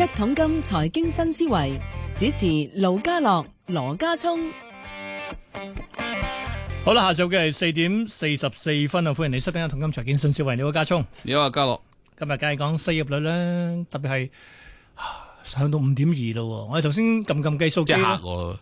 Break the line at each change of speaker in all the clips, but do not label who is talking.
一桶金財經新思維，主持盧家樂羅家聰。
好啦，下晝嘅係四點四十四分啊，歡迎你收聽一桶金財經新思維。你好，家聰，你好啊，家樂，今日梗係講失業率啦，特別係上到五點二咯，我哋頭先撳撳計數機下。就是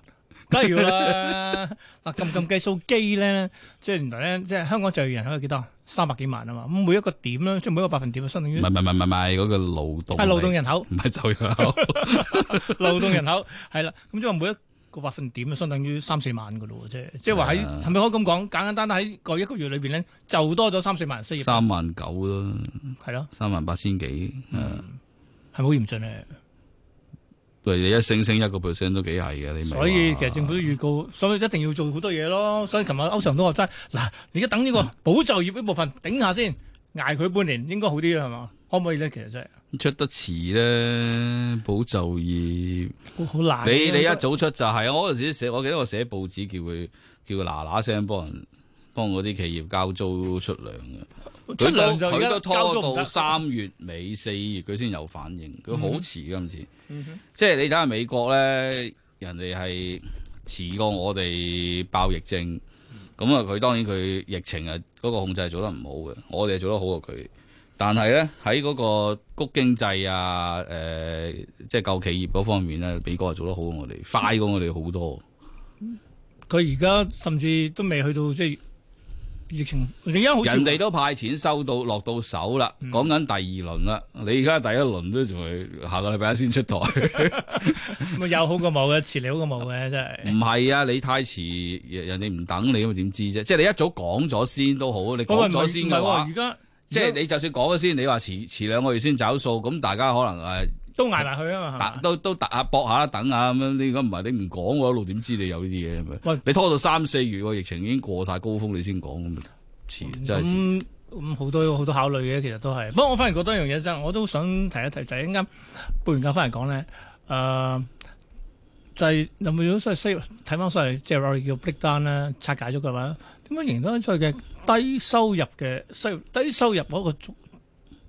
梗啦，嗱撳撳計數機咧，即係原來咧，即係香港就業人口有幾多？三百幾萬啊嘛，咁每一個點咧，即係每一個百分點就相當於唔係
唔係唔係唔係嗰個勞動係勞動人口，唔係就業人口，
勞動人口係啦。咁 即係話每一個百分點就相當於三四萬噶咯，即係即係話喺係咪可以咁講？簡簡單單喺個一個月裏邊咧，就多咗三四萬需要。三
萬九咯，係咯，三萬八千幾，
係咪好嚴峻咧？
佢哋一升升一個 percent 都幾係嘅，你所以其實
政府都預告，所以一定要做好多嘢咯。所以琴日歐尚都話齋，嗱，你而家等呢個保就業呢部分頂一下先， 捱佢半年應該好啲啦，係嘛？可唔可以咧？其實真係
出得遲咧，保就業，好難，啊。你你一早出就係、是，我嗰陣時寫，我記得我寫報紙叫佢叫嗱嗱聲幫人幫啲企業交租出糧嘅。佢都佢拖到三月尾四月佢先有反應，佢好遲噶今次即係你睇下美國咧，人哋係遲過我哋爆疫症，咁啊佢當然佢疫情啊嗰個控制做得唔好嘅，我哋做得好過佢，但係咧喺嗰個谷經濟啊，誒即係救企業嗰方面咧，美國係做得好過我哋快過我哋好多，
佢而家甚至都未去到即係。疫情，
你而家好。人哋都派錢收到落到手啦，講、嗯、緊第二輪啦。你而家第一輪都仲係下個禮拜先出台，
有 好過冇嘅，遲 嚟好過冇嘅，真
係。唔係啊，你太遲，人哋唔等你，咁點知啫？即係你一早講咗先都好，你講咗先嘅話。啊、即係你就算講咗先，你話遲遲兩個月先找數，咁大家可能誒。哎都捱埋去啊嘛！都都揼下搏下，等下咁樣。如果唔係你唔講，我一路點知你有呢啲嘢？係咪？喂，你拖到三四月，疫情已經過晒高峰，你先講咁遲，真
係咁好多好多考慮嘅。其實都係。不過我反而覺得一樣嘢真係，我都想提一提，就係啱啱報完價翻嚟講咧，誒、啊，就係、是、有冇有衰衰？睇翻衰即係我哋叫 break down 咧，拆解咗佢話點解仍然衰嘅低收入嘅低收入嗰、那個。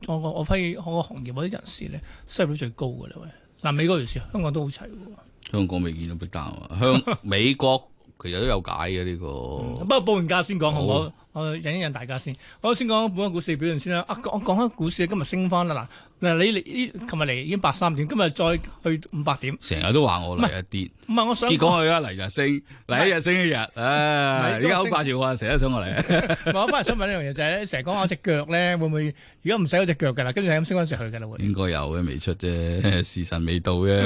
我我批我個行業嗰啲人士咧，收入最高嘅啦。喂，嗱，美國人士，香港都好齊喎。
香港未見到跌價啊，香美國 其實都有解嘅呢、這個、嗯。不過報完價先講好唔好？
我忍一忍大家好先。我先講本港股市表現先啦。啊，講講開股市，今日升翻啦。嗱嗱，你呢？琴日嚟已經八、三點，今日再去五百點。
成日都話我嚟一跌。唔係，我想結果我嚟日升，嚟一日升一日。唉，依家好掛住我，成日想我嚟。
我反而想問一樣嘢就係、是、咧，成日講我隻腳咧會唔會？如果唔使嗰隻腳嘅啦，跟住係咁升翻上去嘅啦會。
應該有嘅，未出啫，時辰未到嘅。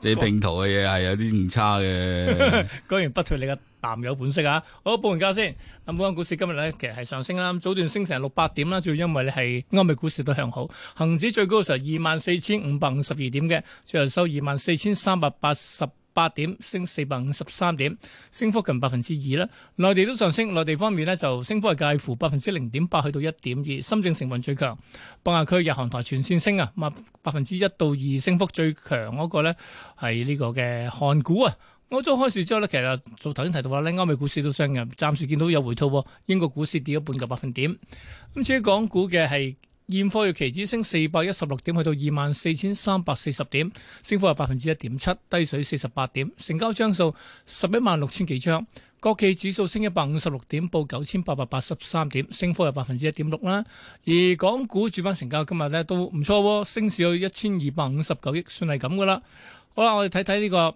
你拼圖嘅嘢係有啲唔差嘅。
果然不退你嘅。男有本色啊！好，報完價先。咁本港股市今日咧，其實係上升啦。早段升成六百點啦，主要因為呢係歐美股市都向好。恒指最高嘅時候二萬四千五百五十二點嘅，最後收二萬四千三百八十八點，升四百五十三點，升幅近百分之二啦。內地都上升，內地方面呢就升幅係介乎百分之零點八去到一點二。深證成分最強，北亞區日韓台全線升啊，百百分之一到二，升幅最強嗰個咧係呢個嘅韓股啊。我早開始之後呢，其實就頭先提到話呢，歐美股市都升嘅，暫時見到有回吐。英國股市跌咗半個百分點。咁至於港股嘅係，現貨月期指升四百一十六點，去到二萬四千三百四十點，升幅係百分之一點七，低水四十八點。成交張數十一萬六千幾張。國企指數升一百五十六點，報九千八百八十三點，升幅係百分之一點六啦。而港股主板成交今日呢都唔錯，升市有一千二百五十九億，算係咁噶啦。好啦，我哋睇睇呢個。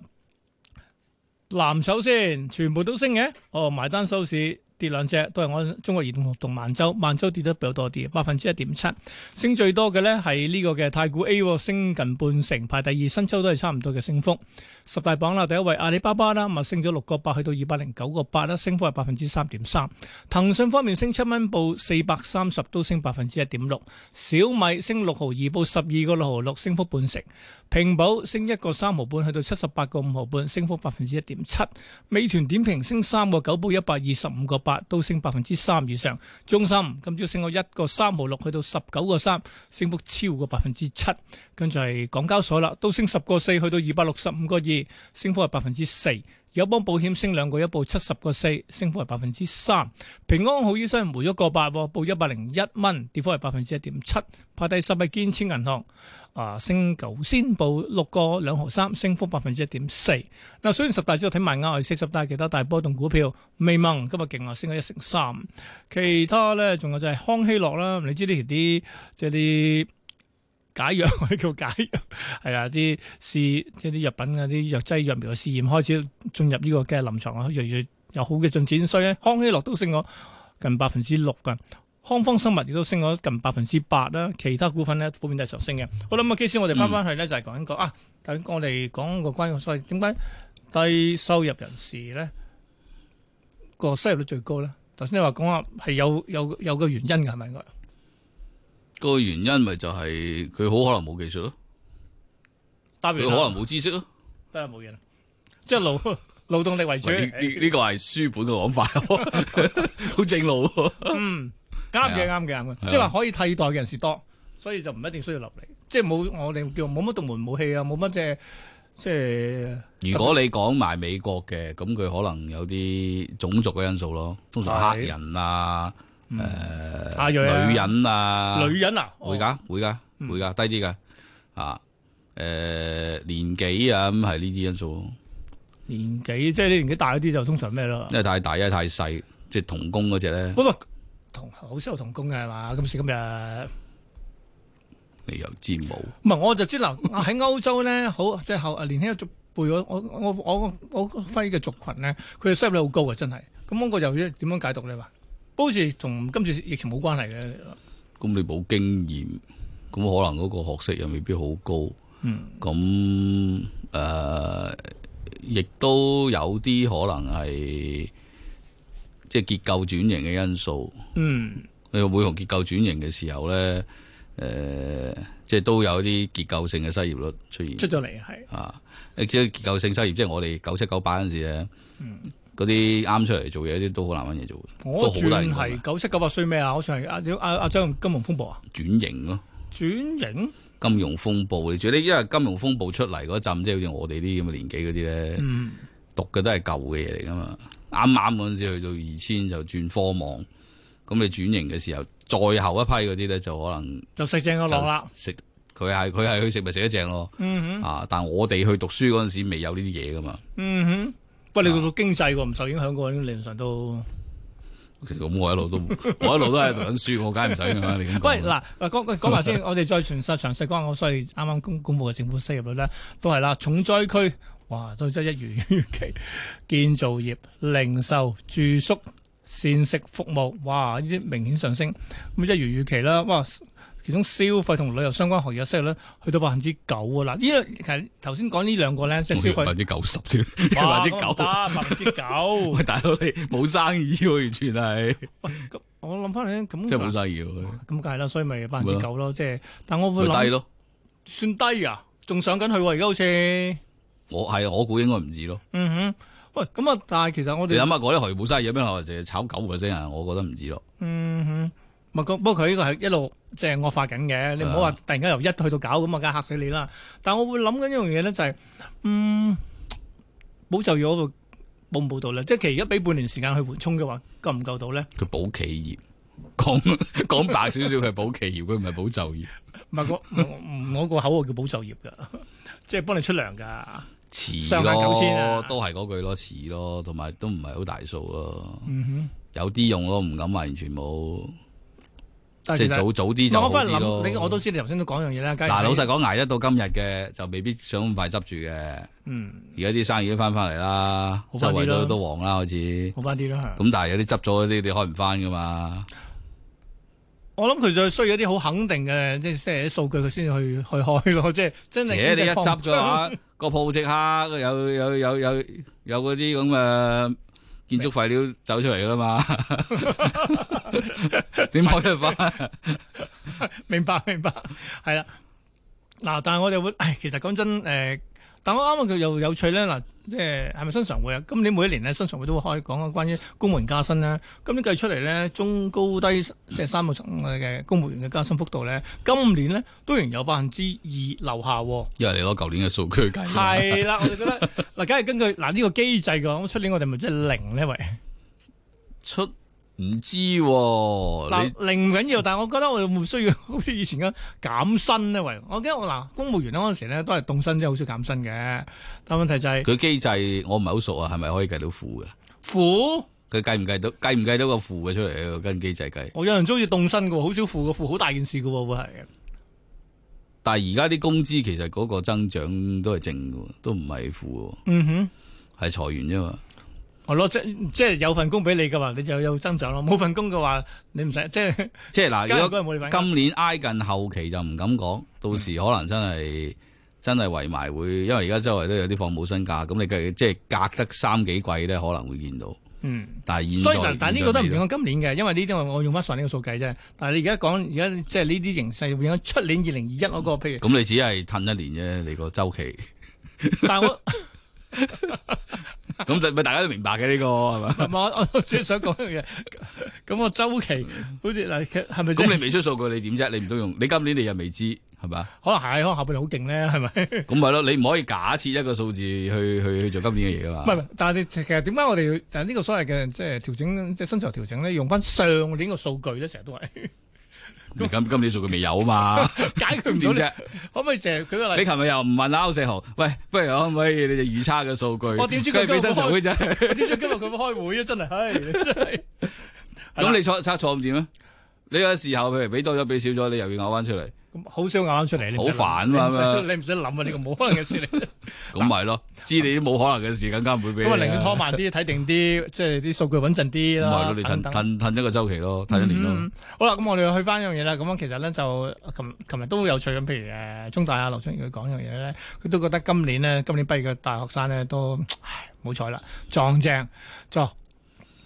藍手先，全部都升嘅，哦埋單收市。跌兩隻，都係我中國移動同萬洲，萬洲跌得比較多啲，百分之一點七。升最多嘅呢係呢個嘅太古 A，升近半成，排第二。新州都係差唔多嘅升幅。十大榜啦，第一位阿里巴巴啦，啊升咗六個八，去到二百零九個八啦，升幅係百分之三點三。騰訊方面升七蚊，報四百三十，都升百分之一點六。小米升六毫二，報十二個六毫六，升幅半成。平保升一個三毫半，去到七十八個五毫半，升幅百分之一點七。美團點評升三個九，報一百二十五個。都升百分之三以上，中芯今朝升個一個三毫六，去到十九個三，升幅超過百分之七，跟住係港交所啦，都升十個四，去到二百六十五個二，升幅係百分之四。有邦保險升兩個一，報七十個四，升幅係百分之三。平安好醫生回咗個八，報一百零一蚊，跌幅係百分之一點七。排第十位建設銀行，啊，升九仙報六個兩毫三，3, 升幅百分之一點四。嗱，雖然十大之後睇埋，壓，我哋四十大其他大波動股票？美孟今日勁啊，升咗一成三。其他咧，仲有就係康希諾啦。你知呢條啲即係啲。就是這些解藥喺度解藥，係啊，啲試即係啲藥品啲藥劑、疫苗嘅試驗開始進入呢個嘅臨床啊，越越有好嘅進展，所以康希諾都升咗近百分之六噶，康方生物亦都升咗近百分之八啦，其他股份呢，普遍都係上升嘅。嗯，好，那個，我諗啊，case 我哋翻翻去呢，就係講一個啊，等我嚟講個關於個衰，點解低收入人士呢個失業率最高呢？頭先你話講啊，係有有有個原因嘅係咪？應該
個原因咪就係佢好可能冇技術
咯，佢可能冇知識咯，得啦冇嘢啦，即係勞勞動力為主。呢呢、
呢個係書本嘅講法，好 正路
的。嗯，啱嘅啱嘅，即係話可以替代嘅人士多，所以就唔一定需要留嚟。即係冇我哋叫冇乜獨門武器啊，冇乜即係即係。如果你
講埋美國嘅，咁佢可能有啲種族嘅因素咯，通常黑人啊。誒、嗯呃啊，女人啊，女人啊，會、哦、噶，會噶，會噶、嗯，低啲噶，啊，誒、呃，年紀啊，咁係呢啲因素。
年紀即係你年紀大嗰啲就通常咩咯？即
係太大，因為太細，即係童工嗰隻咧。唔
唔，好少童工嘅係嘛？今時今日，
你又知冇？
唔係，我就知啦。喺歐洲咧，好即係後年輕嘅族輩我我我我輝嘅族群咧，佢嘅收入好高啊，真係。咁嗰個又點樣解讀咧？話？好似同今次疫情冇關係嘅，
咁你冇經驗，咁可能嗰個學識又未必好高，咁、嗯、誒、亦、呃、都有啲可能係即係結構轉型嘅因素。嗯，你每逢結構轉型嘅時候呢，誒、呃，即、就、係、是、都有一啲結構性嘅失業率出現出咗嚟，係啊，即、就、係、是、結構性失業，即、就、係、是、我哋九七九八嗰陣時啊。嗯嗰啲啱出嚟做嘢啲都好難搵嘢做，我都好難係
九七九八衰咩啊？好似係阿阿阿張金融風暴啊？
轉型咯，啊，
轉型。
金融風暴，你最啲，因為金融風暴出嚟嗰陣，即係好似我哋啲咁嘅年紀嗰啲咧，讀嘅都係舊嘅嘢嚟噶嘛。啱啱嗰陣時去到二千就轉科網，咁你轉型嘅時候，再後一批嗰啲咧就可能
就食正個落啦。
食佢係佢係去食咪食得正咯，嗯哼。啊，但我哋去讀書嗰陣時未有呢啲嘢噶嘛。嗯
哼。喂，你做到經濟喎，唔受影響喎，理論上都
其實咁，我一路都我一路都係讀緊書，我梗係唔使噶啦。喂，嗱，講講埋先，我
哋再傳述詳細講下啱啱公公布嘅政府失業率咧，都係啦，重災區，哇，都真係一如預期，建造業、零售、住宿、膳食服務，哇，呢啲明顯上升，咁一如預期啦，哇！其中消費同旅遊相關行業嘅失業率去到百分之九啊。啦，依個其實頭先講呢兩個咧，即係消費百分之
九十先，百分之九，百分之九。喂， 大佬你冇生意喎，完全
係。我諗翻嚟咧，咁即係冇
生意喎。
咁梗係啦，所以咪百分之九咯，即係、啊就是。但係我會諗。
算低啊，仲上緊去喎、啊，而家好似。我係我估應該唔止咯。
嗯哼。喂，咁啊，但係其實我哋你諗下
嗰啲行業冇生意有咩？就係炒狗嘅啫啊，我覺得唔止咯。嗯哼。
不過佢呢個係一路即係惡化緊嘅，你唔好話突然間由一去到九咁啊，梗係嚇死你啦。但係我會諗緊一樣嘢咧，就係嗯，保就業個保唔保到咧？即係其實而家俾半年時間去緩衝嘅話，夠唔夠到咧？
佢保企業，講講大少少佢係保企業，佢唔係保就業。
唔係我不我個口號叫保就業噶，即係幫你出糧噶，上限九千，啊，
都係嗰句咯，遲咯，同埋都唔係好大數咯，嗯，有啲用咯，唔敢話完全冇。即係早早啲就好啲咯。我都
知你頭先都講樣嘢啦。嗱，老實
講，捱得到今日嘅就未必想咁快執住嘅。嗯。而家啲生意都翻翻嚟啦，周圍都都旺啦，開始。好
翻啲啦，係。咁
但係有啲執咗嗰啲，你開唔翻噶嘛？
我諗佢就需要一啲好肯定嘅，即係即係啲數據佢先去去開咯。即係真係，即你一執嘅話
個鋪即刻有有有有有嗰啲咁嘅。建築廢料走出嚟噶啦嘛？點開去翻？明白明白，係啦。
嗱，但係我哋會、哎，其實講真，誒、呃。但我啱啱，佢又有趣咧嗱，即係係咪新常會啊？今年每一年咧，新常會都會開講啊，關於公務員加薪咧。今年計出嚟咧，中高低成三個層嘅公務員嘅加薪幅度咧，今年咧都仍有百分之二留下。因
為你攞舊年嘅數據計。係啦， 我
就覺得嗱，梗係根據嗱呢個機制㗎。咁出年我哋咪即係零呢？喂出。
唔知嗱
零唔緊要，但係我覺得我冇需要好似以前咁減薪咧。喂，我記得我嗱公務員嗰陣時咧都係凍薪即係，好少減薪嘅。但係問題就係佢
機制我，我唔係好熟啊，係咪可以計到負嘅負？佢計唔計到計唔計到個負嘅出嚟？跟機制計。
我有人中意凍薪嘅，好少負嘅負，好大件事嘅會係。
但係而家啲工資其實嗰個增長都係正嘅，都唔係負。嗯哼，係裁員啫嘛。
我、哦、攞，即即係有份工俾你嘅話，你就有增長咯。冇份工嘅話，你唔使即
係。即係嗱，啊、如果今年挨近後期就唔敢講、嗯，到時可能真係真係圍埋會，因為而家周圍都有啲放冇薪假，咁你計即係隔得三幾季咧，可能會見到。嗯、但係現所但但呢個都唔影
響今年嘅，因為呢啲我用翻上年嘅數計啫。但係你而家講而家即係呢啲形勢、會影響出年二零二一嗰個譬
如。咁、嗯、你只係褪一年啫，你個周期。但係我。 咁就咪大家都明白嘅呢、呢個係嘛？我我主要想講一樣嘢。咁個 周期好似嗱，係咪、就係？咁你未出數據你，你點啫？你唔都用？你今年你又未知係咪？可
能係，可能後邊又好勁咧，係咪？
咁咪咯，你唔可以假設一個數字去去去做今年嘅嘢㗎嘛？唔、嗯、
係、嗯嗯，但係其實點解我哋要？但係呢個所謂嘅即係調整，即係薪酬調整咧，用翻上年個數據咧，成日都係。
咁今年數據未有嘛？
解決唔掂啫，
可唔可以成？舉個例子，你琴日又唔問阿歐世豪，喂，不如可唔可以你哋預測嘅數據？我、哦、點知佢 今日開會啫？我點知
今日佢會開會啊？真係，唉、 哎，真
係。咁 你錯測錯唔掂？啊？你有時候譬如俾多咗，俾少咗，你又要嘔翻出嚟。好少眼出嚟，好煩啊嘛你不！你
唔使諗啊，呢個冇可能嘅事嚟，
咁咪咯，知你啲冇可能嘅事更加唔會俾。咁啊，寧願拖慢啲，睇定啲，即係啲數據穩陣啲啦。咪咯、就是，你褪褪一個週期咯，褪一年
咯、嗯嗯。好啦，咁我哋去翻一樣嘢啦。咁樣其實呢，就，琴琴日都有趣咁。譬如誒，中大啊，劉春佢講一樣嘢咧，佢都覺得今年呢，今年畢業嘅大學生呢，都，唉，冇彩啦，撞正撞。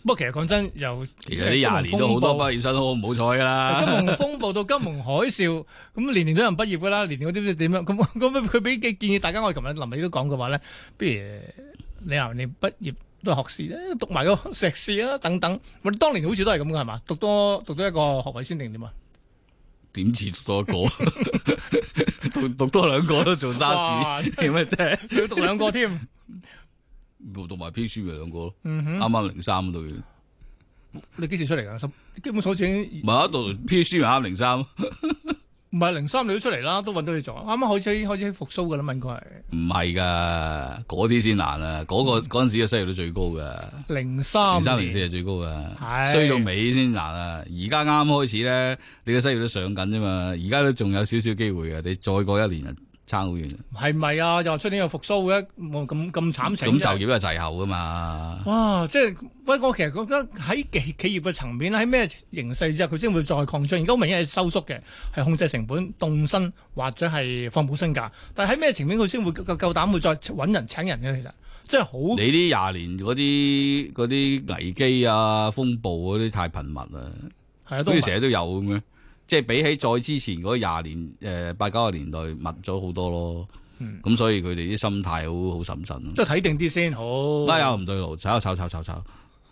不過其實講真，又其實呢廿年都好多畢
業生都好唔好彩噶啦。金融
風暴到金融海嘯，咁 年年都有人畢業噶啦，年年嗰啲點樣？咁咁佢俾建議大家，我琴日臨尾都講嘅話咧，不如你啊，你畢業都係學士啦，讀埋個碩士啊，等等。我當年好似都係咁嘅，係嘛？讀多讀多一個學位先定點啊？
點知讀多一個？ 讀多兩個都做沙士咪？啊啫？佢 讀兩個添。讀埋 P C 嘅兩個咯，啱啱零三都，
你幾時出嚟啊？基本所唔
咪一度 P C 咪三零三，唔係零三你都出嚟啦，都揾到你
做。啱啱開始開始復甦噶啦，文哥
唔係噶，嗰啲先難啊，嗰、嗯那個嗰陣時嘅失業率都最高噶，零三零三零四係最高噶，衰到尾先難啊。而家啱啱開始咧，你嘅失業率都上緊啫嘛，而家都仲有少少機會啊，你再過一年。差好遠，係
咪啊？又話出年又復甦嘅，冇咁咁慘情。咁就業又
滯後啊嘛！
哇！即係不過，其實覺得喺企企業嘅層面，喺咩形勢之下佢先會再擴張？而家明顯係收縮嘅，係控制成本、凍薪，或者係放冇薪假。但係喺咩層面佢先會夠夠膽會再揾人請人嘅？其實真
係好。你呢廿年嗰啲啲危機啊、風暴嗰啲太頻密啊，係啊，好似成日都有咁嘅。即係比起再之前嗰廿年，誒、呃、八九十年代密咗好多咯。咁、嗯、所以佢哋啲心態好好審慎。即係睇
定啲先，好。
嗱又唔對路，炒炒炒炒炒，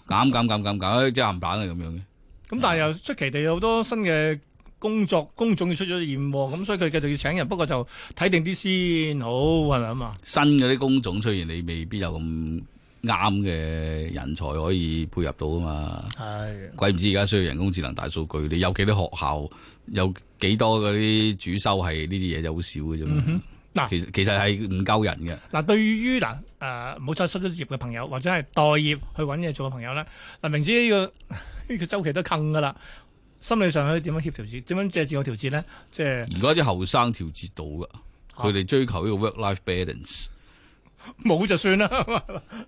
減減減減減，即係硬板係咁樣嘅。
咁但係又出奇地有好多新嘅工作工種要出咗現，咁所以佢繼續要請人。不過就睇定啲先，好係咪啊嘛？
新嗰啲工種出現，你未必有咁。啱嘅人才可以配合到啊嘛，係鬼唔知而家需要人工智能、大數據，你有幾多學校，有幾多嗰啲主修係呢啲嘢就好少嘅啫嘛。嗱、嗯啊，其實其實係唔夠人嘅。
嗱、啊，對於嗱誒冇出失咗業嘅朋友，或者係待業去揾嘢做嘅朋友咧，嗱明知呢、呢個呢 個週期都坑噶啦，心理上佢點樣協調住，點樣即係自我調節咧，即、就、係、是。而
家啲後生調節到嘅，佢、啊、哋追求呢個 work life balance。
冇就算啦，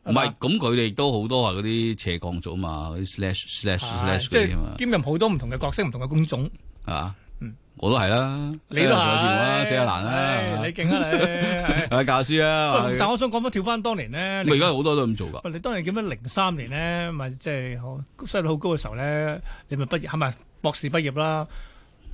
唔係
咁佢哋都好多係嗰啲斜槓族啊嘛，嗰啲 slash slash slash 啲啊嘛，兼
任好多唔同嘅角色，唔同嘅工種，
嗯、啊，我都係啦，你都係啦，寫下難啦，你勁啊你，教師啊，但我
想講翻跳翻當年呢，而家好多都咁做噶，你當年叫咩，零三年呢？咪即係好失業率好高嘅時候咧，你咪畢業，係咪博士畢業啦？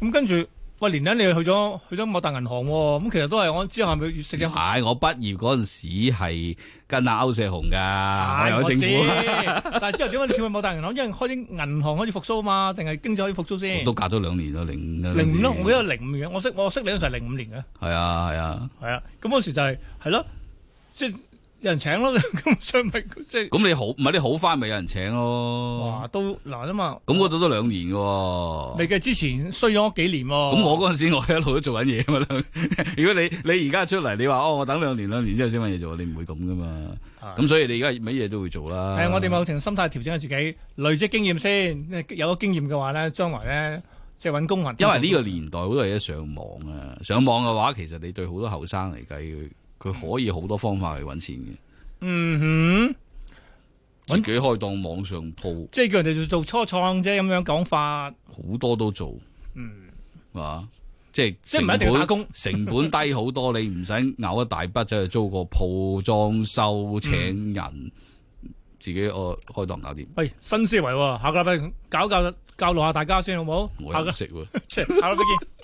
咁跟住。喂，年欣、哦，你去咗去咗摩大銀行，咁
其實都係我之後係咪越食？係我畢業嗰陣時係跟阿歐石雄噶，我喺政府。哎、
但之後點解你跳去摩大銀行？因為開啲銀行可以復蘇啊嘛，定係
經濟可以復蘇先？都隔咗兩年咯，零五。零五咯，我記得
零五年，我識我識你嗰時係零五年嘅。
係啊，係啊，係啊。咁嗰時就係係咯，
即係。
有人請咯，咁 所以咪即係咁你好，唔係你好翻咪有人請咯？哇，都難吖嘛，咁我度都兩年嘅喎，
未、啊、計之前衰咗幾年喎。咁我
嗰陣時我一路都做緊嘢咁樣。如果你你而家出嚟，你話哦，我等兩年兩年之後先揾嘢做，你唔會咁噶嘛。咁所以你而家乜嘢都會做啦。係我哋某
程度心態調整下自己，累積經驗先。有個經驗嘅話咧，將來咧即係搵工，工。因為呢個
年代好多嘢上網啊，上網嘅話其實你對好多後生嚟計。佢可以好多方法去搵錢嘅，嗯哼，自己開檔網上鋪，
即係叫人哋做初創啫，咁樣講法，
好多都做，嗯，係嘛，即係成本成本低好多，你唔使咬一大筆走去租個鋪裝修請人，自己我開檔搞掂。
喂，新思維，啊，下個禮拜搞，搞教教導下大家先好
唔好？我食，好
啦，再見。